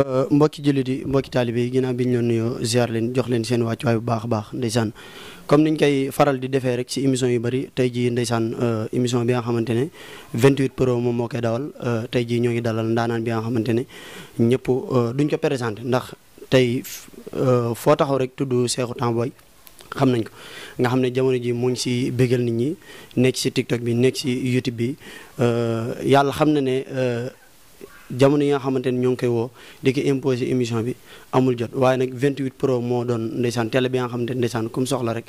Euh, mbokki jullit yi mbokki taalibe yi ginnaaw bi ñu leen nuyoo ziar leen jox leen seen wàccuwaay bu baax a baax ndeysaan comme niñ koy faral di defee rek ci émission yu bëri tey jii ndeysaan euh, émission bi nga xamante ne 28 pro moom moo koy dawal euh, tey jii ñoo ngi dalal ndaanaan bi nga xamante ne ñëpp duñ ko présenté ndax tey foo taxaw rek tudd Cheikhou Tanboy xam nañ ko nga xam ne jamono ji mu ngi si bégal nit ñi nekk si TikTok bi nekk ci YouTube bi yàlla xam na ne jamono yi nga xamante ni ñoo ngi koy woo di ko imposer émission bi amul jot waaye nag 28 pro moo doon ndeysaan télé bi nga xamante ni ndeysaan comme soxla rek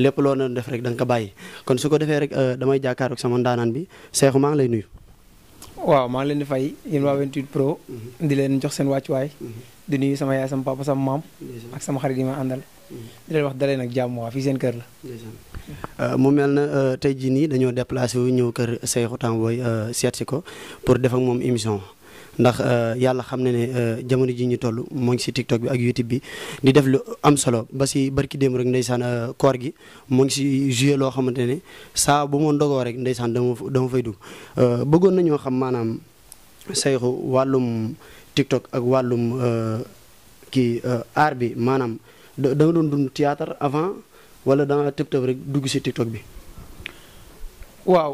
lépp loo doon def rek danga nga ko bàyyi kon su ko defee rek euh, damay jàkkaaroog sama ndaanaan bi Seexu maa ngi lay nuyu. waaw maa ngi leen fay yéen waa 28 mm-hmm. di leen jox seen wàccuwaay. Mm-hmm. di nuyu sama yaay sama papa sama maam. ak sama xarit yi ma àndal. Mm-hmm. di leen wax dalee nag jàmm waa fii seen kër la. Euh, mu mel na euh, tey jii nii dañoo déplacé wu ñëw kër Seexu Tamboy seet si ko pour def ak moom émission. ndax euh, yàlla xam ne ne euh, jamono ji ñu toll moo ngi si TikTok bi ak YouTube bi di def lu am solo ba si barki démb rek ndeysaan euh, koor gi moo si joué loo xamante ne saa bu ma ndogoo rek ndeysaan dama dama fay dugg bëggoon nañoo xam maanaam sayxu wàllum TikTok ak wàllum kii art bi maanaam da nga doon dund théâtre avant wala da nga tëb-tëb rek dugg si TikTok bi waaw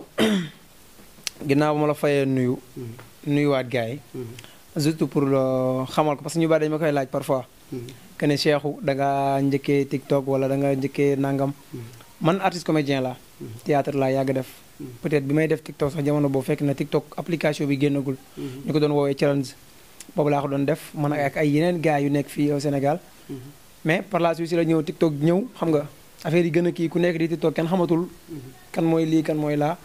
ginnaaw ma la fayee nuyu hmm. nuyuwaat gars yi. Mm-hmm. surtout pour euh, xamal ko parce que ñu bari dañ ma koy laaj parfois. Mm-hmm. que ne Cheikhou da nga njëkkee TikTok wala da nga njëkkee nangam. Mm-hmm. man artiste comédien la théâtre laa yàgg def. peut-être bi may def TikTok sax jamono boo fekk na TikTok application bi génnagul. ñu ko doon woowee challenge. boobu laa ko doon def man ak ay yeneen gars yu nekk fii au Sénégal. mais par la suite si la ñëw TikTok ñëw xam nga. affaire yi gën a kii ku nekk di TikTok kenn xamatul kan mooy lii kan mooy laa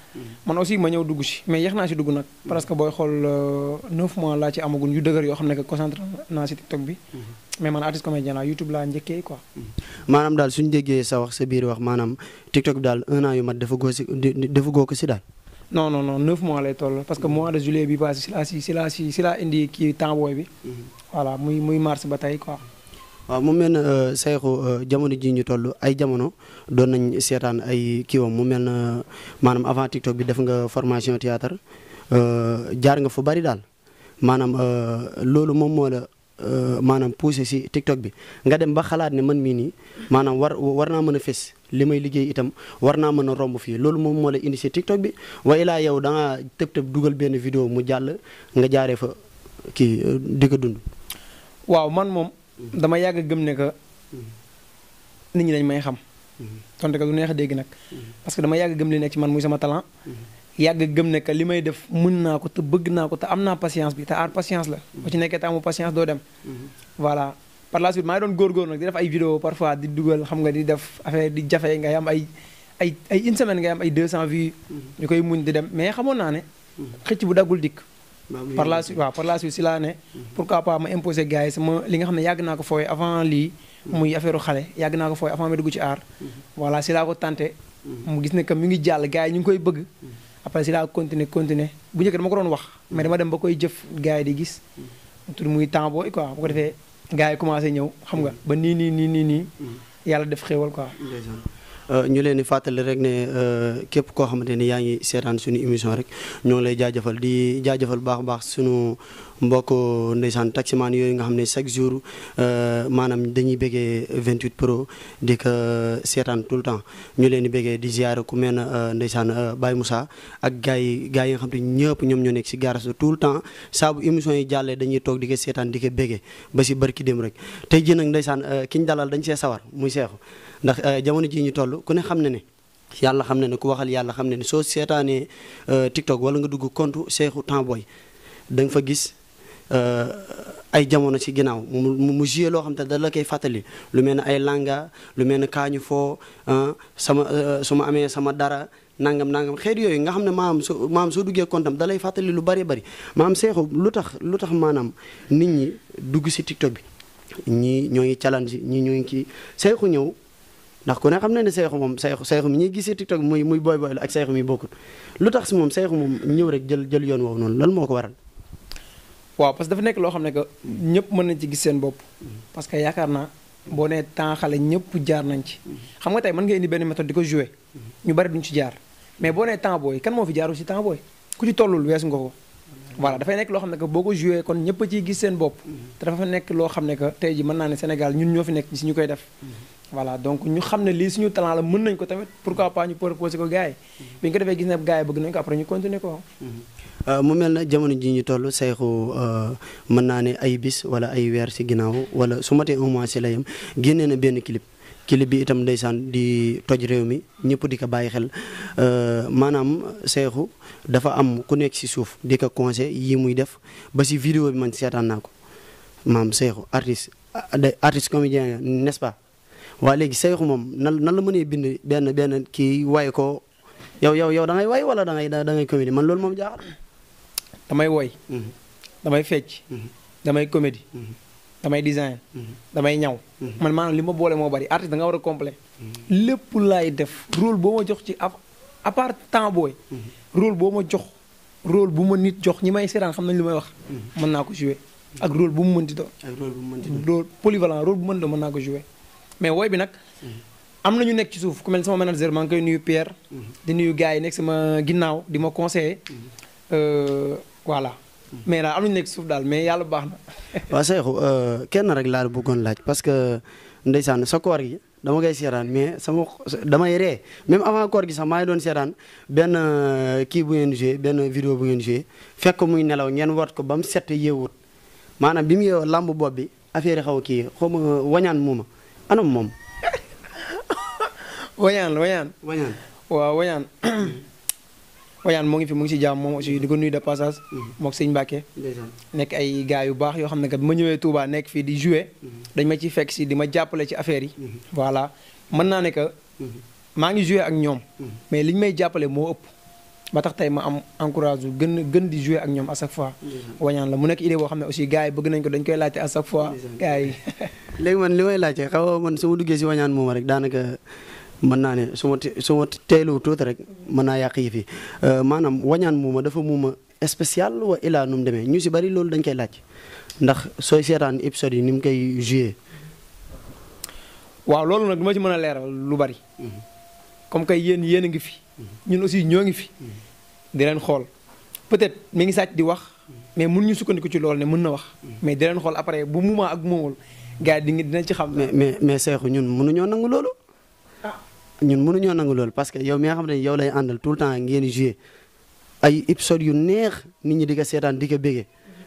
man aussi ma ñëw dugg si mais yeex naa si dugg nag parce que booy xool euh, neuf mois laa ci yu dëgër yoo xam ne que concentré naa si TikTok bi mais man artiste laa YouTube laa maanaam daal suñu déggee sa wax sa biir wax maanaam TikTok bi daal un an yu mat dafa goo si dafa goo ko si daal non non non neuf mois lay toll parce que mois de juillet bi passé si laa si si laa indi kii temps booy bi mhm. voilà muy muy mars ba tey quoi waaw mu mel ne euh, Cheikhou euh, jamono ji ñu toll ay jamono doon nañ seetaan ay kiiwam mu mel ne maanaam avant TikTok bi def nga formation théâtre euh, jaar nga fu bari daal maanaam loolu moom moo la maanaam poussé si TikTok bi nga dem ba xalaat ne man mii nii maanaam war war naa mën a fés li may liggéey itam war naa mën a romb fii loolu moom moo la indi si TikTok bi wa laa yow da nga tëb tëb dugal benn vidéo mu jàll nga jaaree fa kii di ko dund. waaw man moom. dama yàgg gëm ne que nit ñi dañ may xam. tonte que du neex a dégg nag. parce que dama yàgg gëm li nekk ci man muy sama talent. yàgg gëm ne que li may def mën naa ko te bëgg naa ko te am naa patience bi te aar patience la. bu ci nekkee te amu patience doo dem. voilà par la suite maa ngi doon góorgóorlu nag di def ay vidéo parfois di dugal xam nga di def affaire di jafe ngay am ay ay ay une semaine nga am ay 200 vie ñu koy muñ di dem mais xamoon naa ne. xëcc bu daggul dikk. par la suite waaw par la suite si laa ne mm-hmm. pourquoi pas ma imposer gars yi sama li nga xam ne yàgg naa ko fooy avant lii mm-hmm. muy affaire xale yàgg naa ko fooy avant ma dugg ci aar mm-hmm. voilà si laa ko tenté mu gis ne que mi ngi jàll gars yi ñu ngi koy bëgg après si laa continuer continuer bu njëkk dama ko doon wax mais dama dem ba koy jëf gars yi di gis tudd muy temps booy quoi bu ko defee gars yi commencé ñëw xam nga ba nii nii nii nii nii yàlla def xéewal quoi Euh, ñu leen di fàttali rek ne euh, képp koo xamante ni yaa ngi seetaan suñu émission rek ñoo ngi lay jaajëfal di jaajëfal baax baax suñu mbokk ndeysaan taximaan yooyu nga xam ne chaque jour euh, maanaam dañuy béggee 28 pro di ko seetaan tout le temps ñu leen di béggee di ziare ku mel ne ndeysaan Baye Moussa ak gars yi gars yi xam ñëpp ñoom ñoo nekk si garage tout le temps saa yi jàllee dañuy toog di ko seetaan di ko béggee ba si barki dem rek te jii nag ndeysaan ki ñu dalal dañ see sawar muy seexu ndax euh, jamono jii ñu toll ku ne xam na ne yàlla xam na ne ku waxal yàlla xam na ne soo seetaanee euh, TikTok wala nga dugg compte Cheikhou Temboy da nga fa gis euh, ay jamono ci ginnaaw mu mu joué loo xam te da la koy fàttali lu mel ne ay langa lu mel ne kaañu foo ah, sama su ma amee sama dara nangam nangam xeet yooyu nga xam ne maam su maam soo duggee fàttali lu bari bari maam Cheikhou lu tax lu tax maanaam nit ñi dugg si TikTok bi ñii ñoo challenge ñii ñoo ki kii Cheikhou ñëw. ndax ko ne xam na ne seexu moom seexu seexu mi ñuy gisee tiktok muy muy booy booylu ak seexu mi bokkut lu tax moom seexu moom ñëw rek jël jël yoon woowu noonu lan moo ko waral. waaw parce que dafa nekk loo xam ne que ñëpp mën nañ ci gis seen bopp mm-hmm. parce que yaakaar naa boo nee temps ñëpp jaar nañ ci mm-hmm. xam nga tey mën nga indi benn méthode di ko jouer mm-hmm. ñu bari duñ ci jaar mais boo nee temps booy kan moo fi jaaru si temps booy ku ci tollul weesu nga ko voilà dafay nekk loo xam ne que boo ko joué kon ñëpp a ciy gis seen bopp te dafa nekk loo xam ne que tey ji mën naa ne Sénégal ñun ñoo fi nekk si ñu koy def voilà donc ñu xam ne lii suñu talent la mën nañ ko tamit pour pas ñu proposer ko gars yi. Mm-hmm. bi ñu ko defee gis na gars yi bëgg nañ ko après ñu continuer ko. Mm-hmm. Euh, mu mel na jamono ji ñu toll Cheikhou euh, mën naa ne ay bis wala ay weer si ginnaaw wala su matee un mois si la yem génnee na benn clip clip bi itam day ndeysaan di toj réew mi ñëpp di ko bàyyi xel euh, maanaam Cheikhou dafa am ku nekk si suuf di ko conseil yi muy def ba si vidéo bi man seetaan naa ko maam Cheikhou artiste artiste comédien nest waa léegi sayxu moom nan nan la mënee bind benn benn kii way ko yow yow yow da way wala da ngay da ngay comédie man lool moom jaaxal. damay woy mhm. damay fecc. Mhm. damay comédie. Mhm. damay design. damay ñaw. man maanaam li ma boole moo bari artiste da nga war a complet lépp laay def rôle boo ma jox ci à part temps booy. rôle boo ma jox rôle bu ma nit jox ñi may seetaan xam nañ lu may wax. mën naa ko jouer ak rôle bu mu mënti doon. ak rôle bu mu mënti doon rôle polyvalent rôle bu mën naa ko jouer. mais wooy bi nag am na ñu nekk ci suuf ku mel sama manager maa ngi koy nuyu Pierre. di nuyu gars yi nekk sama ginnaaw di ma conseiller. Euh, voilà mais daal am na ñu nekk ci suuf daal mais yàlla baax na. waaw Cheikhou euh, kenn rek laal bëggoon laaj parce que ndeysaan sa koor gi dama koy seetaan mais sama damay ree même avant koor gi sax maa ngi doon seetaan benn euh, kii bu ngeen joué benn vidéo bu ngeen joué fekk muy nelaw ngeen wat ko ba mu set yeewut maanaam bi mu yeewoo lamb bopp bi affaire yi xaw kii xaw ma wañaan muuma anam moom. wañaan wañaan wañaan waaw wañaan wañaan moo ngi fi mu ngi si jàmm moom aussi di ko nuyu de passage mm-hmm. mook sëñ Mbàkke nekk ay gars yu baax yoo xam ne ka bi ma ñëwee tuubaa nekk fii di jouer mm-hmm. dañ ma ci fekk si di ma jàppale ci affaire yi mm-hmm. voilà mën naa ne que maa ngi jouer ak ñoom mais liñ may jàppale moo ëpp ba tax tey ma am encourage gën gën di jouer ak ñoom à chaque fois. Mm-hmm. wañaan la mu nekk idée boo xam ne aussi gars yi bëgg nañ ko dañ koy laajte à chaque fois. gars yi léegi man li may laajte xaw man su ma duggee si wañaan moom rek daanaka mën naa ne su ma su ma teeloo tuuti rek mën naa yàq yi fi euh, maanaam wañaan muuma dafa muuma spécial wa ilaa nu mu demee ñu si bari loolu dañ koy laaj ndax sooy seetaan épisode yi ni mu koy waaw loolu nag ma ci mën a leeral lu bari. Mm-hmm. comme kay yéen yéen a ngi fi. ñun aussi ñoo ngi fi. di leen xool peut-être mi ngi sàcc di wax. mais mun ñu sukkandiku ci lool ne mën na wax. mais di leen xool après bu moment ak moomul gars yi dinañ ci xam. mais mais mais Cheikhou ñun mënuñoo nangu loolu. ñun mënuñoo nangu loolu parce que yow mi xam ne yow lay àndal tout le temps ngeen joué yu neex nit ñi di ko seetaan di ko bége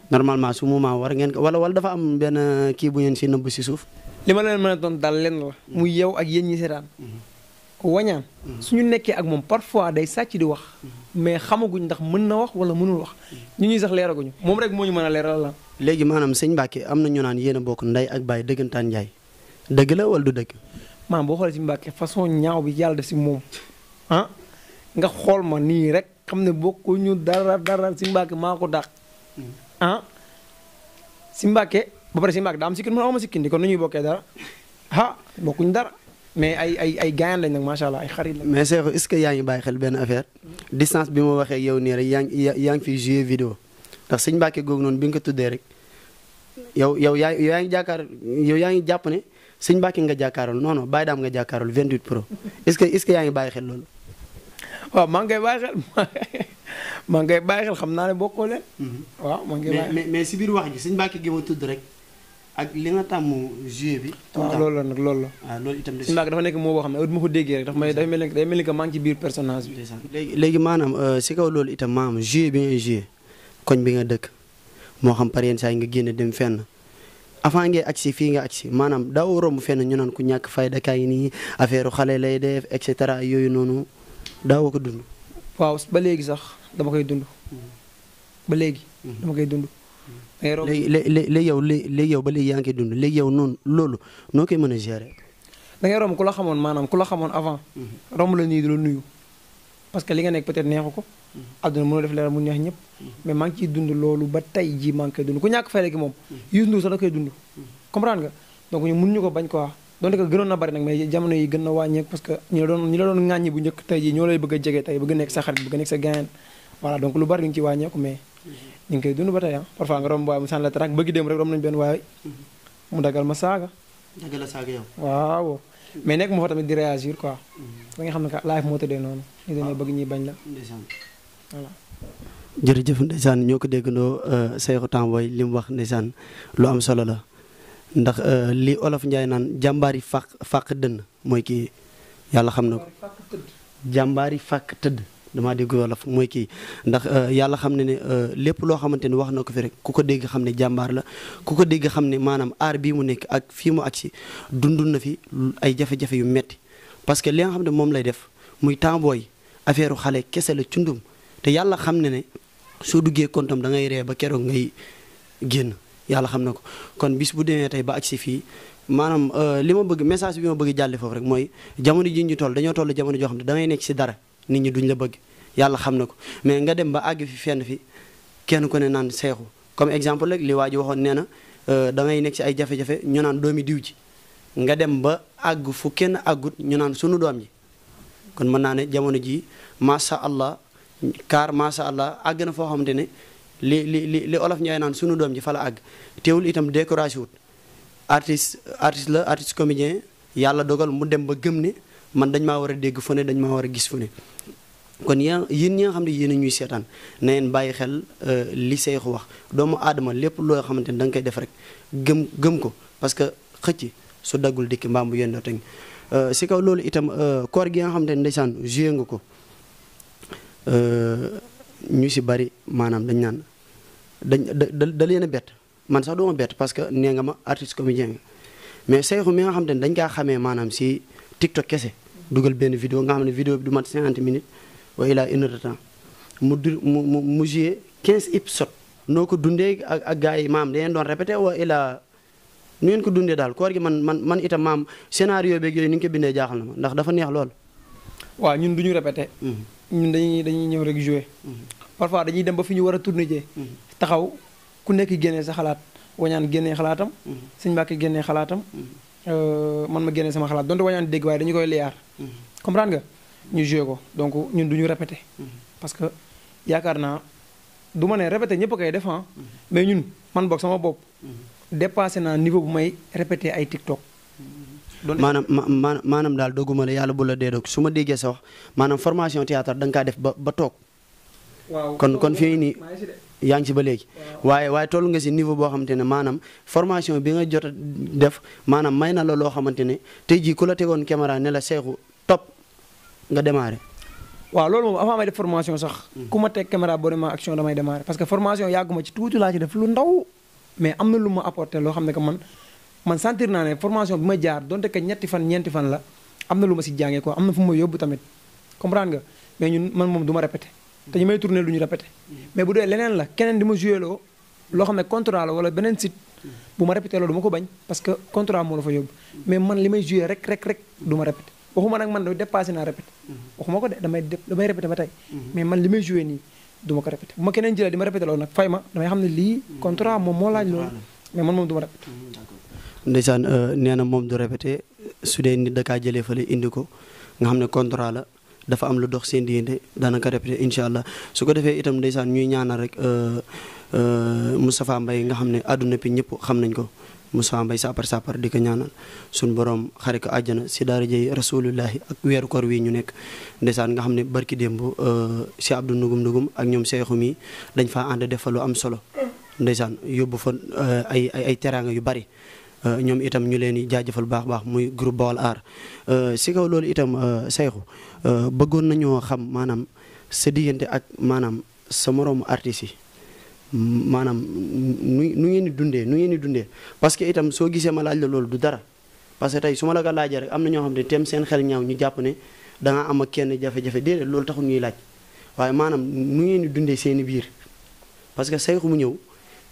normalement su moment war ngeen wala wala dafa am benn kii bu ngeen si nëbb si suuf. li ma leen mën a doon daal lenn la. muy yow ak yéen ñi seetaan. wañaan mm-hmm. suñu nekkee ak moom parfois day sàcc di wax mm-hmm. mais xamaguñ ndax mën na wax wala mënul wax ñu mm-hmm. ñuy sax leeraguñu moom rek moo ñu mën a leeral la léegi maanaam sëñ Mbacke am na ñu naan yéen a ndey ak baay dëggantaan njaay dëgg la wala du dëgg maam boo xoolee si Mbacke façon ñaaw bi yàlla def moom ah nga xool ma nii rek xam ne bokkuñu dara dara si Mbacke maa ko dàq ah si Mbacke ba pare si Mbacke daa am sikkin mën a ma sikkin di kon nu ñuy bokkee dara ah bokkuñ dara mais ay ay ay gaañal lañ nag macha allah ay xarit lañ. mais Cheikh est-ce que yaa ngi bàyyi xel benn affaire distance bi ma waxee yow nii rek yaa ngi yaa ngi fiy joué vidéo ndax sëñ Mbàkke googu noonu bi nga ko tuddee rek yow yow yaa yaa ngi jàkkaar yow yaa ngi jàpp ne sëñ nga jàkkaarul non non Baye Dame nga jàkkaarul 28 pro est-ce que est-ce que yaa ngi bàyyi loolu. waaw maa ngi koy bàyyi xel maa ngi koy xam naa ne bokkoo leen. Mhm. waaw maa ngi mais mais si biir wax ji sëñ Mbàkke gi ma tudd rek. ak li ah, la nag loolu la. waaw ah, loolu itam moo boo ko déggee rek daf may maanaam euh, si kaw loolu itam maanaam joué bi nga joué koñ bi nga dëkk moo xam par yenn saa yi nga dem fenn. avant ngay agsi fii nga agsi maanaam daaw romb fenn ñu naan ku ñàkk fayda kaay nii affaire xale lay def et cetera yooyu noonu daawoo ko dund. waaw ba léegi sax dama koy dund. Hmm. ba hmm. dama koy dund. léegi léegi yow léegi yow ba léegi yaa ngi dund léegi yow noon loolu noo koy mën a gérer. da ngay ku la xamoon maanaam ku la xamoon avant. Mhm. romb la nii di la nuyu. parce que li nga nekk peut-être neexu ko. Mhm. àdduna ñëpp. Mhm. mais dund loolu ba tey jii maa ngi koy moom. Youssou Ndour ñu mënuñu ko bañ ko wax donte que gënoon na bari nag mais jamono yi gën na wàññeeku parce que ñi la doon ñi la doon ŋàññi bu ñoo lay bëgg a jege tey bëgg nekk sa xarit bëgg nekk sa gain voilà donc lu bari li nga ci wàññeeku mais ñu ngi koy dund ba tey ah parfois nga romb waaye mu sànni la tànk mhm. mu dagal ma saaga. dagal la saaga yow. waaw mhm. mais nekk mu tamit di réagir mhm. ba nga xam ne que moo tëddee noonu. ñu dañoo ñuy bañ la. ndeysaan voilà. jërëjëf ñoo ko déggandoo euh, Seydou Tamboy li wax ndeysaan lu am solo la ndax euh, li olof Njaay naan jàmbaari fàq fàq dën mooy kii yàlla xam na ko. jàmbaari fàq tëdd. damaa dégg wolof mooy kii ndax euh, yàlla xam ne ne euh, lépp loo xamante ni wax na ko fi rek ku ko dégg xam ne jàmbaar la ku ko dégg xam ne maanaam aar bii mu nekk ak fii mu agsi dund na fi ay jafe-jafe yu metti parce que li nga xam ne moom lay def muy temps booy affaire xale kese la cundum te yàlla xam ne ne soo duggee kontam da ngay ree ba keroog ngay génn yàlla xam na ko kon bis bu demee tey ba agsi fii maanaam euh, li ma bëgg message bi ma bëgg jàlle foofu rek mooy jamono ji ñu toll dañoo toll jamono joo xam ne da ngay nekk si dara nit ñi duñ la bëgg yàlla xam na ko mais nga dem ba àgg fi fenn fi kenn ku ne naan seexu comme exemple rek li waa ji waxoon nee na euh, da ngay nekk ci ay jafe-jafe ñu naan doomi diw ji nga dem ba àgg fu kenn àggut ñu naan sunu doom ji kon mën naa ne jamono jii macha allah kaar macha allah àgg na foo xamante ne li li li li olof ñooy naan sunu doom ji fa la àgg teewul itam découragé wut artiste artiste la artiste comédien yàlla dogal mu dem ba gëm ne man dañ maa war a dégg fu ne dañ maa war a gis fu ne kon yaa yéen ñi nga xam ne yéen a ñuy seetaan na ngeen bàyyi xel euh, li Seexu wax doomu aadama lépp loo xamante ne da koy def rek gëm gëm ko parce que xëcc su daggul dikki mbaam yéen euh, a si kaw loolu itam euh, koor gi nga xam ne ndeysaan joué nga ko ñu si bari maanaam dañ naan dañ da da leen a bett man sax duma bett parce que nee nga ma artiste comédien mais Seexu mi xam ne dañ kaa xamee maanaam si. TikTok kese dugal benn vidéo nga xam ne vidéo bi du mat 50 minutes waaye laa une heure de temps mu du mu mu mu joué 15 épisodes noo ko dundee ak ak gars yi maam da ngeen doon répété waaye laa nu ngeen ko dundee daal koor gi man man man itam maam scénario beeg yooyu ni nga ko bindee jaaxal na ma ndax dafa neex lool. waaw ñun du ñu répété. Mm-hmm. ñun dañuy dañuy ñëw rek joué. Mm-hmm. parfois dañuy dem ba fi ñu war a tourné jee mm-hmm. taxaw ku nekk génnee sa xalaat wañaan génnee xalaatam. sëñ Mbàkke génnee xalaatam. Euh, man ma génne sama xalaat donte wañaan dégg waaye dañu koy liyaar mm-hmm. comprendre nga ñu joué ko donc ñun du ñu répété mm-hmm. parce que yaakaar naa du ma ne répété ñëpp a koy def ah. mm-hmm. mais ñun man boog sama bopp dépassé naa niveau bu may répété ay TikTok maanaam maanaam maanaam daal dogguma la yàlla bu la dee doog su ma déggee sa wax maanaam formation théâtre da kaa def ba ba toog kon kon fii nii yaa ngi si ba léegi waaye waaye toll nga si niveau boo xamante ne maanaam formation bi nga jot def maanaam may na la loo xamante ne tey jii ku la tegoon caméra ne la seexu topp nga démarré. waaw loolu moom avant may formation sax. Hmm. ku ma teg caméra boo demee action damay démarré parce que formation yàgguma ci tuuti laa ci def lu ndaw mais am na lu ma apporté loo xam ne que man man santir naa ne formation bi ma jaar donte que ñetti fan ñeenti fan la am na lu ma si jàngee ko am na fu ma yóbbu tamit comprendre nga mais ñun man moom du ma te ñu may tourné lu ñu répété mais bu dee leneen la keneen di ma joué loo loo xam ne contrat la wala beneen site bu ma répété loolu ko bañ parce que contrat moo fa yóbbu mais man li may rek rek rek du ma répété waxuma nag man da dépassé naa répété waxuma ko de damay damay répété ba tey mais man li may joué nii du ko répété ma keneen jëlee di ma répété nag fay ma damay xam ne lii contrat moom moo laaj loolu mais man moom du ma répété ndeysaan euh, nee na moom du répété su dee nit da kaa jëlee fële indi ko nga xam ne contrat la dafa am lu dox seen diggante daanaka répété incha allah su ko defee itam ndeysaan ñuy ñaanal rek euh, euh, Moustapha Mbaye nga xam ne àdduna bi ñëpp xam nañ ko Moustapha Mbaye saapar saapar di ko ñaanal suñ borom xare ko àjjana si daara jëy rasulullahi ak weeru koor wi ñu nekk ndeysaan nga xam ne barki démb euh, si Abdou Ndugum Ndugum ak ñoom seexu mi dañ faa ànd defal lu am solo ndeysaan yóbbu fa ay ay teraanga yu bari Euh, ñoom itam ñu leen di jaajëfal baax baax muy groupe Baol Art euh, si kaw loolu itam euh, Seexu bëggoon nañoo xam maanaam sa diggante ak maanaam sa moroomu artistes yi maanaam nu nu ngeen di dundee nu ngeen di dundee parce que itam soo gisee ma laaj la loolu du dara parce que tey su ma la ko laajee rek am na ñoo xam ne tem seen xel ñaaw ñu jàpp ne da nga am ak kenn jafe-jafe déedéet loolu taxul ñuy laaj waaye maanaam nu ngeen di dundee seen biir parce que Seexu mu ñëw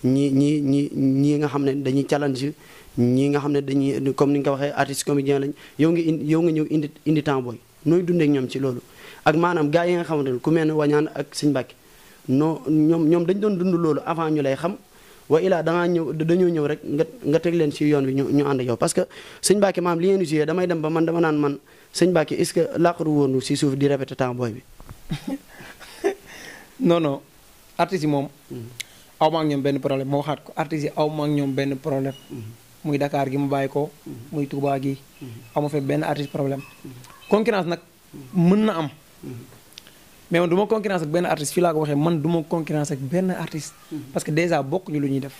ñi ñi ñi ñi nga xam ne dañuy challenge ñi nga xam ne dañuy comme ni nga ko waxee artiste comédien lañ yow nga indi yow nga ñëw indi indi temps booy nooy dundee ñoom ci loolu ak maanaam gars yi nga xamante ne ku mel ne wañaan ak Sëñ Mbàkke noo ñoom ñoom dañ doon dund loolu avant ñu lay xam wa ilaa dangaa ñëw dañoo ñëw rek nga nga teg leen ci yoon bi ñu ñu ànd parce que Sëñ Mbàkke maam li ngeen di damay dem ba man dama naan man Sëñ Mbàkke est-ce que laqaru woonu ci suuf di répété temps booy bi non non artistes yi moom mm-hmm. aw ñoom benn problème moo waxaat ko artistes yi aw ma ak ñoom benn problème mm-hmm. muy Dakar gi mu bàyyi ko. Mm-hmm. muy Touba gi. Mm-hmm. amu fa benn artiste problème. Mm-hmm. concurrence nag mën na am. mais man du ma concurrence ak benn artiste fii waxee man du ma benn artiste. parce que déjà bokk ñu lu ñuy def.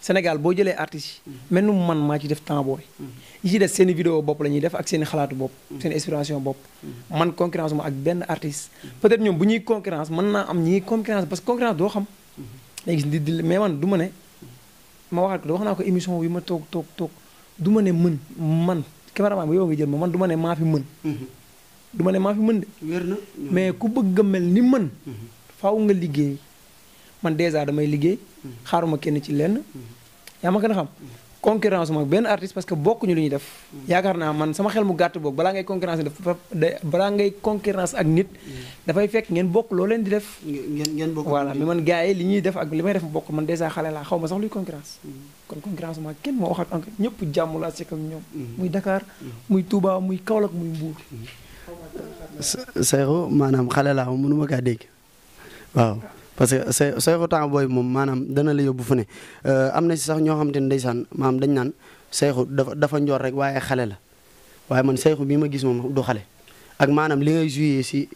Sénégal boo jëlee artistes yi. mel man maa ci def temps yi ci des seen i bopp la ñuy def ak seen i xalaatu bopp. seen inspiration bopp. man concurrence mu ak benn artiste. peut-être ñoom bu ñuy concurrence mën naa am ñi concurrence parce que concurrence doo xam. léegi man du ne. ma waxaat ko wax naa ko émission bi ma toog toog toog du ma ne mën man cameraman bi yow nga jël ma man du ma ne maa fi mën. Mm-hmm. ma ne maa mën de. na mais ku bëgg a mel ni mën. Mm-hmm. faaw nga liggéey man dèjà damay liggéey. Mm-hmm. ma kenn ci lenn. yaa ma gën xam concurrence moom benn artiste parce que bokkuñu lu ñuy def yaakaar naa man sama xel mu gàtt boog balaa ngay concurrence dafa balaa ngay concurrence ak nit dafay fekk ngeen bokk loo leen di def voilà mais man gars yi li ñuy def ak li may def bokk man dèjà xale laa xaw ma sax luy concurrence mm. kon concurrence moom kenn moo wax ak encore ñëpp jàmm laa sekk ak ñoom mm. muy dakaar mm. muy tuubaa muy Kaolack muy Mbour Seydou maanaam xale laa mënuma kaa dégg parce que say Sayoxu temps booy moom maanaam dana la yóbbu fu ne euh, am na si sax ñoo xam te ne ndeysaan maam dañ naan Sayoxu dafa dafa njoor rek waaye xale la waaye man Sayoxu bii ma gis moom du xale ak maanaam li ngay joué si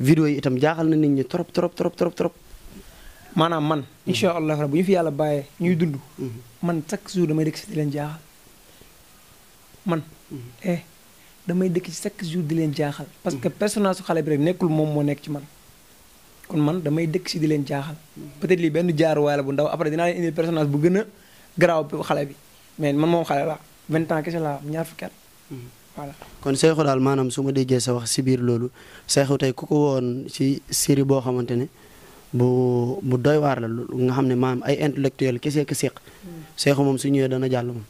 vidéo yi itam jaaxal na nit ñi trop trop trop trop trop. maanaam man. Mhm. incha allah bu ñu fi yàlla bàyyee ñuy dund. Mhm. man chaque jour damay dëkk si di leen jaaxal man. Mhm. eh damay dëkk si chaque jour di leen jaaxal. parce que personnage su xale bi rek nekkul moom moo nekk ci man. kon man damay dëkk si di leen jaaxal peut-être lii benn jaaruwaay la bu ndaw après dinaa leen indi personnage bu gën a garaaw xale bi mais man moom xale la vingt ans kese laa ñaar fukki at kon Cheikhou daal maanaam su ma déggee sa wax si biir loolu Cheikhou tey ku ko woon si série boo xamante ne bu bu doy waar la nga xam ne maam ay intellectuel kese ke seq Cheikhou moom su ñëwee dana jàll moom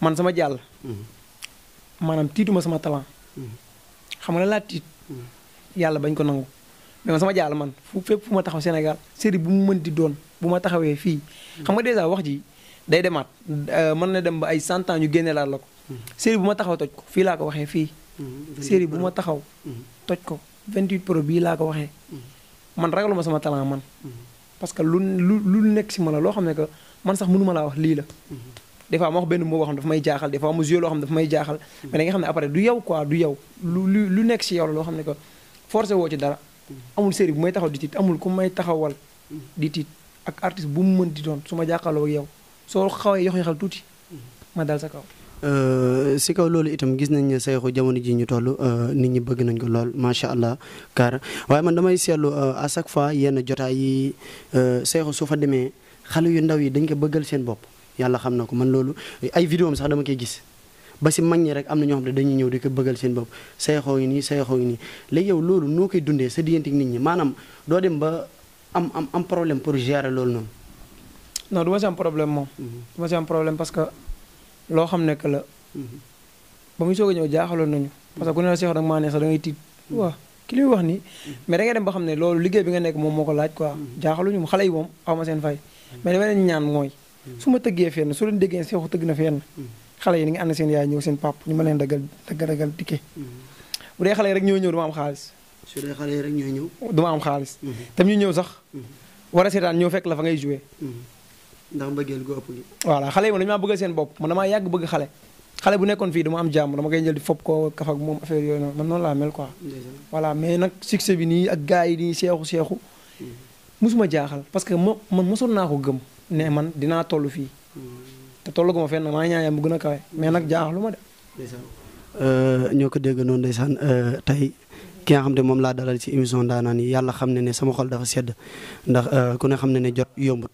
man sama jàll hmm. maanaam tiituma sama talent hmm. xam hmm. yàlla bañ ko nangu mais man sama jaal man fu fépp fu ma taxaw Sénégal série bu mu mën di doon bu ma taxawee fii. xam nga dèjà wax ji day demaat euh, mën na dem ba ay cent ans ñu génne laal la ko. Mm-hmm. série bu ma taxaw toj ko fii laa ko waxee fii. Mm-hmm. série bu ma taxaw. Mm-hmm. toj ko 28 pro bii laa ko waxee. man ragaluma sama talent man. parce que lu lu lu nekk si ma la loo xam ne que man sax mënuma laa wax lii la. des fois ma wax benn mot boo dafa may jaaxal des fois loo xam ne dafa may jaaxal. mais xam ne après du yow quoi yow lu lu lu nekk si yow loo xam ne que forcé woo ci dara. amul série bu may taxaw di tiit amul ku may taxawal di tiit ak artiste bu mu mën di doon su ma jàkkaarloo ak yow soo xawee yox yoxal tuuti ma dal sa kaw euh, si kaw loolu itam gis nañ ne jamono ji ñu toll euh, nit ñi bëgg nañ ko lool macha allah kaar waaye man damay seetlu euh, à chaque fois yenn jotaay yi Seexu su fa demee xale yu ndaw yi dañ ko bëggal seen bopp yàlla xam na ko man loolu ay vidéo sax dama koy gis ba si mag ñi rek am na ñoo xam ne dañuy ñëw di ko bëggal seen bopp sayxoo yi nii sayxoo yi nii léegi yow loolu noo koy dundee sa diggante nit ñi maanaam doo dem ba am am am problème pour gérer loolu noonu. non du ma problème moom. Mm-hmm. du ma problème parce que loo xam ne que la. Mm-hmm. ba muy soog a ñëw jaaxaloon nañu. parce que ku ne la seexoo nag maa ne sax mm-hmm. da ngay tiit. waaw ki wax nii. mais da dem ba xam ne loolu liggéey bi nga nekk moom moo ko laaj ko quoi. jaaxaluñu xale yi moom xaw ma seen fay. mais li ma ñaan mooy. su ma tëggee fenn su leen déggee seexu tëgg na fenn. xale yi ni nga ànd seen yaay ñëw seen pap ñu mën leen dagal dagal ticket bu dee xale yi rek ñoo ñëw duma am xaalis su dee xale yi rek ñëw duma am xaalis mm-hmm. te ñu ñëw sax mm-hmm. war a seetaan ñëw fekk la fa ngay joué mm-hmm. ndax mbëggeel gu ëpp gi voilà xale yi man dañu maa bëggal seen bopp man damaa yàgg bëgg xale xale bu nekkoon fii dama am jàmm dama koy jël di fopp ko kaf ak moom affaire yooyu noonu man noonu laa mel quoi voilà mais nag succès bi nii ak gars yi nii seexu seexu musuma jaaxal parce que ma man mosoon naa ko gëm ne man dinaa toll fii te tollaguma fenn maa ngi ñaan yàlla mu gën nag jaaxlu de. Euh, ñoo ko dégg noonu ndeysaan euh, tey ki nga xam ne moom laa dalal ci émission daanaan yi yàlla xam ne ne sama xol dafa sedd ndax euh, ku ne xam ne ne jot yombut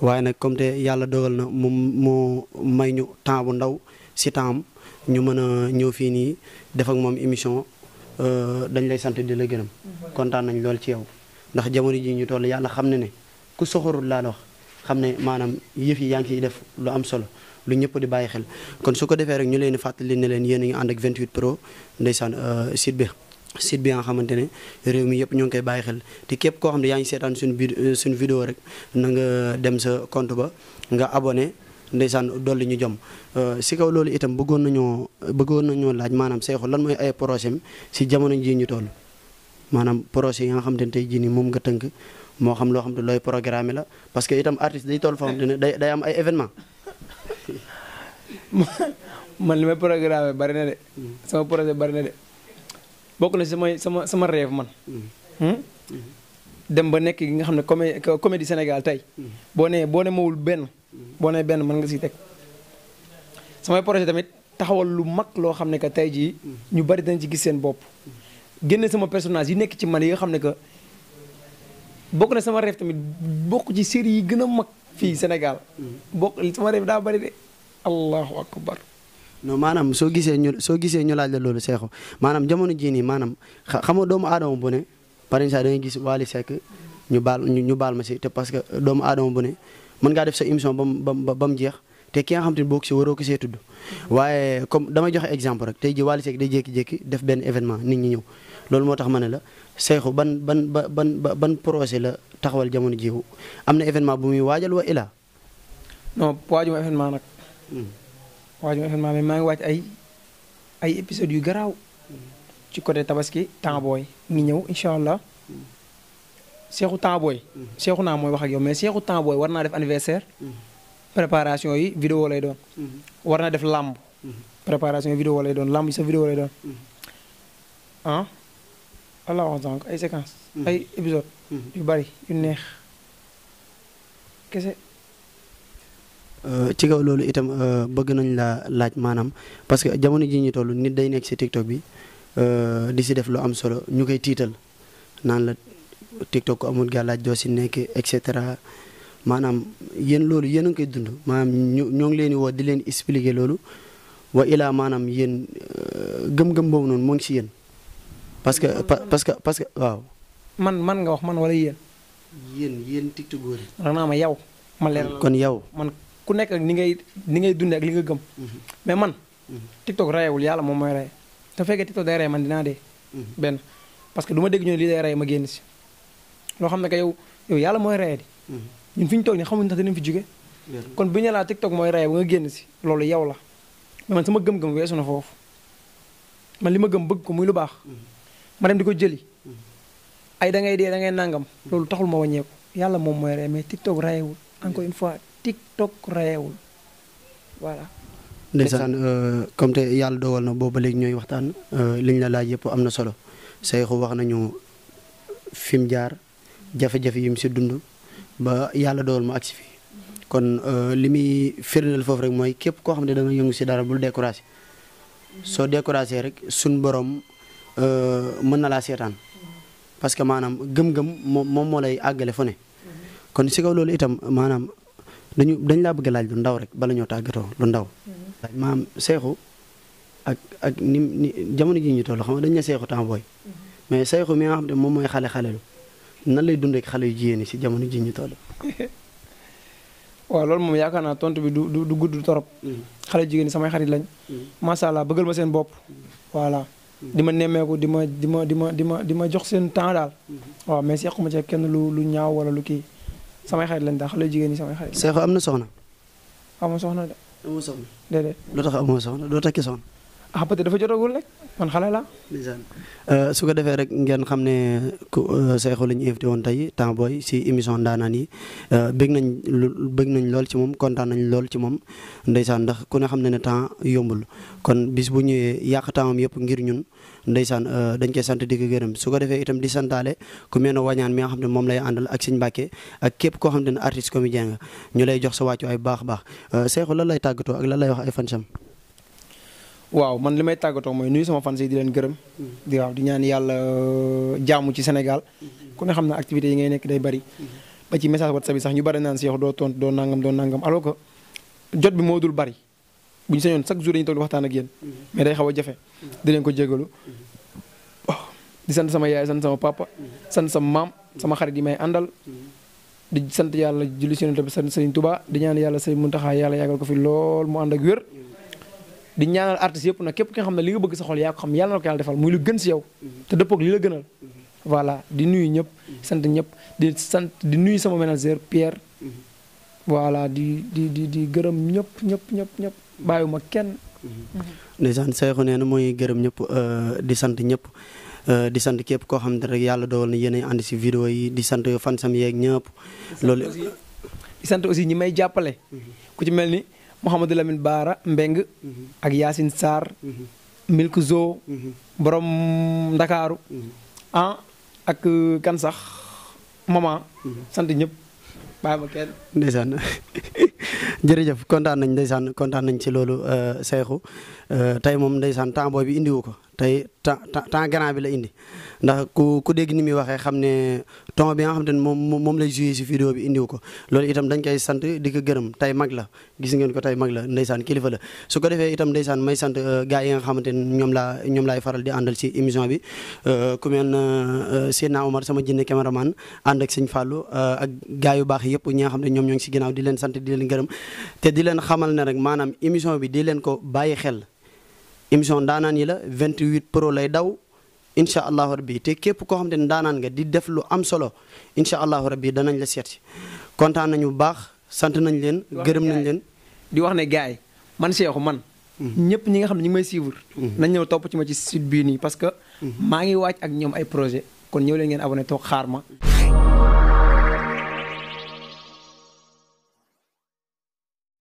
waaye nag comme te yàlla dogal na mu moo may ñu temps bu ndaw si temps ñu mën a ñëw fii nii def ak moom émission dañ lay sant di la gërëm mm-hmm. kontaan nañ lool ci yow ndax jamono ji ñu toll yàlla xam ne ne ku soxorul laa wax. xam ne maanaam yëf yi yaa ngi ciy def lu am solo lu ñëpp di bàyyi xel kon su ko defee rek ñu leen di fàttali ne leen yéen a ngi ànd ak 28 pro ndeysaan euh, site bi site bi nga xamante ne réew mi yëpp ñoo ngi koy bàyyi xel te képp koo xam ne yaa ngi seetaan suñu bi euh, suñu vidéo rek na nga dem sa compte ba nga abonné ndeysaan dolli ñu jom euh, si kaw loolu itam bëggoon nañoo bëggoon nañoo laaj maanaam Seexu lan mooy ay projet si jamono jii ñu toll maanaam projet yi nga xamante ne tey jii nii moom nga tënk moo xam loo xam ne looy programme la parce que itam artiste day toll foo xam ne day am ay événement man li may programme bari na de sama projet bari na de bokk na sama sama rêve man mm-hmm. hmm? dem ba nekk gi nga xam ne comé comédie Sénégal tey mm-hmm. boo nee boo ne mawul benn mm-hmm. boo nee benn man nga siy teg samay projet tamit taxawal lu mag loo xam ne que tey jii ñu bari dañ ci gis seen bopp génne sama personnage yi nekk ci man yi nga xam ne que bokk na sama rêve tamit bokk ci série yi gën a mag fii Sénégal mm-hmm. bokk sama rêve daa bëri de allahu akbar non maanaam soo gisee ñu soo gisee ñu laaj la loolu seexu maanaam jamono jii nii maanaam xam nga doomu aadama bu ne par exemple da ngay gis Wally Seck ñu baal ñu baal ma si te parce que doomu aadama bu ne mën ngaa def sa émission ba mu ba mu jeex te ki nga xam te ne boo ko si waroo ko see tudd mm-hmm. waaye comme damay jox exemple rek tey ji Wally Seck day jékki def benn événement nit ñi ñëw loolu moo tax ma ne la Seexu ban ban ba ban ban projet la taxawal jamono jiwu am na événement bu muy waajal wa ilaa. non waajuma événement nag. Hmm. waajuma ma mais maa ngi waaj ay ay épisodes yu garaw ci côté tabaski Tambooy ngi ñëw incha allah. seexu Tambooy. Hmm. seexu naa mooy wax ak yow mais seexu Tambooy war naa def anniversaire. Hmm. préparation yi vidéo lay doon. war na def làmb. préparation yi vidéo lay doon làmb yi sa vidéo lay doon. Ah? loolu laa waxoon ay séquences. Hmm. ay hmm. bari neex kese. Euh, ci kaw loolu itam euh, bëgg nañ laa laaj maanaam parce que jamono ji ñu toll nit day nekk si TikTok bi euh, di si def lu am solo ñu koy tiital naan la TikTok ko amul gàllaaj doo si nekk et cetera maanaam yéen loolu yéen a ngi koy dund maanaam ñu ñoo ngi leen di woo di leen expliquer loolu wa ilaa maanaam yéen gëm-gëm boobu noonu moo ngi si yéen. parce que parce que parce que waaw. man man nga wax man wala yéen. yéen yéen tiktok góor ma yow. ma leer kon yow. man ku nekk ak ni ngay ni ngay dundee li nga gëm. Mhm. mais man. Mhm. tiktok rayewul yàlla moom mooy rey. te fekkee tiktok day rey man naa dee. Mhm. benn parce que du ma dégg ñu lii day rey ma génn si. loo xam ne que yàlla mooy rey ñun fi ñu toog nii xamuñu ndax fi jóge kon bu ñu laa tiktok mooy rey ba génn si. loolu yow la man sama gëm-gëm weesu na foofu man li ma gëm bëgg ko muy lu baax. ma dem di ko jëli ay da ngay dee da ngay nangam loolu taxul ma wàññeeku yàlla moom mooy rey mais TikTok rayewul encore une fois TikTok rayewul voilà. ndeysaan euh, comme te yàlla dogal na booba léegi ñooy waxtaan euh, liñ la laaj yëpp am na solo Seexu wax nañu fi mu jaar jafe-jafe yi mu si dund ba yàlla dogal ma agsi fii kon euh, li muy firndeel foofu rek mooy képp koo xam ne da nga yëngu si dara bul découragé soo découragé rek suñ borom Euh, mën na laa seetaan parce que maanaam gëm-gëm moom moom moo lay àggale fu ne kon si kaw loolu itam maanaam dañu dañ laa bëgg laaj lu ndaw rek bala ñoo tàggatoo lu ndaw. Mhm. maam seexu ak ak ni ni jamono ji ñu toll xam dañ ne seexu temps booy mhm. mais seexu xam moom mooy xale xale lu lay dundee xale yu jigéen ñi si jamono ji ñu toll. loolu moom yaakaar naa tontu bi du du gudd torop mhm. xale jigéen ñi samay xarit lañ. macha bëggal ma seen bopp voilà. di ma nemmeeku di ma di ma di ma di ma di ma jox seen temps daal. Mhm. waaw mais sequma ci kenn lu lu ñaaw wala lu kii samay xarit lañ daal xale jigéen ñi samay xarit. Seexu am na soxna. amoo soxna de. amoo soxna déedéet. loo tax amoo soxna loo takki soxna. ah peut-être dafa jotagul rek man xale la euh, su ko defee rek ngeen xam ne ku Cheikhou euh, la ñu invité woon tey temps booy si émission ndaanaan yi euh, bëgg nañ lu bëgg nañ lool ci moom kontaan nañ lool ci moom ndeysaan ndax ku ne xam ne ne temps yombul kon bis bu ñëwee yàq tempsam yëpp ngir ñun ndeysaan dañ koy sant di ko gërëm su ko defee itam di santaale ku mel ne wañaan mi nga xam ne moom lay àndal ak Sëñ Mbàkke ak képp ko xam ne artiste comédien nga ñu lay jox sa wàccu ay baax baax Cheikhou lan lay tàggatoo ak lan lay wax ay fansam waaw man li may tàggatoo mooy nuyu sama fans yi di leen gërëm. di waaw di ñaan yàlla euh, jaamu ci senegal ku ne xam na activités yi ngay nekk day bari. ba ci message WhatsApp yi sax ñu bari naan si doo tontu doo nangam doo nangam alors que jot bi moo dul bari bu ñu sañoon chaque jour dañuy waxtaan ak yéen. mais day xaw a jafe. di leen ko jégalu. Oh, di sama yaay sant sama papa. sant sama maam sama xarit yi may àndal. di sant yàlla julli si sant Serigne Touba di ñaan yàlla Serigne taxaa yàlla yàggal ko fi lool mu ànd ak wér. di ñaanal artistes yëpp nag képp ki nga xam ne li nga bëgg sa xol yaa xam yàlla na ko yàlla defal muy lu gën si yow mm-hmm. te dëppoog li la gënal mm-hmm. voilà di nuyu ñëpp mm-hmm. sant ñëpp di sant di nuyu sama manager Pierre voilà di di di di gërëm ñëpp ñëpp ñëpp ñëpp bàyyiwuma kenn ndeysaan Seexu nee na mooy gërëm ñëpp euh, di sant ñëpp euh, di sant képp koo xam ne rek yàlla dool na yéen a si vidéo yi di sant fansam yeeg ñëpp loolu di sant aussi ñi may jàppale ku ci mel ni Mouhamadou Lamine Baara Mbeng mhm. ak Yacine Sarr mhm. Milk Zo mhm. borom Ndakaaru ah ak euh, kan sax maman sant ñëpp bàyyi ma kenn ndeysaan jërëjëf kontaan nañ ndeysaan kontaan nañ ci loolu euh, Seexu euh, tey moom ndeysaan temps boobu indiwu ko tey temps temps grand bi la indi ndax ku ku dégg ni muy waxee xam ne ton bi nga xam te ne moom moom lay joué si vidéo bi indiwu ko loolu itam dañ koy sant di ko gërëm tey mag la gis ngeen ko tey mag la ndeysaan kilifa la su ko defee itam ndeysaan may sant euh, gars yi nga ñoom laa ñoom laay si émission bi euh, ku mel ne euh, Seydina Omar sama jinne caméraman ànd ak sëñ Fallou ak gars yu baax yëpp ñi nga xam ne ñoom ñoo si ginnaaw di leen sant di leen gërëm te di leen xamal ne rek maanaam émission bi di leen ko bàyyi xel émission ndaanaan yi la vingt 28 pro lay daw incha allahu rabbi te képp koo xam te ne ndaanaan nga di def lu am solo incha allahu rabbi danañ la seet si kontaan nañu bu baax sant nañ leen. gërëm nañ leen. di wax ne gars yi man Cheikhou man. Mm-hmm. ñëpp ñi nga xam ne ñi ngi may suivre. Mm-hmm. nañ ñëw topp ci ma ci site bii nii parce que. Mm-hmm. maa ngi waaj ak ñoom ay projet kon ñëw leen ngeen abonné toog xaar ma.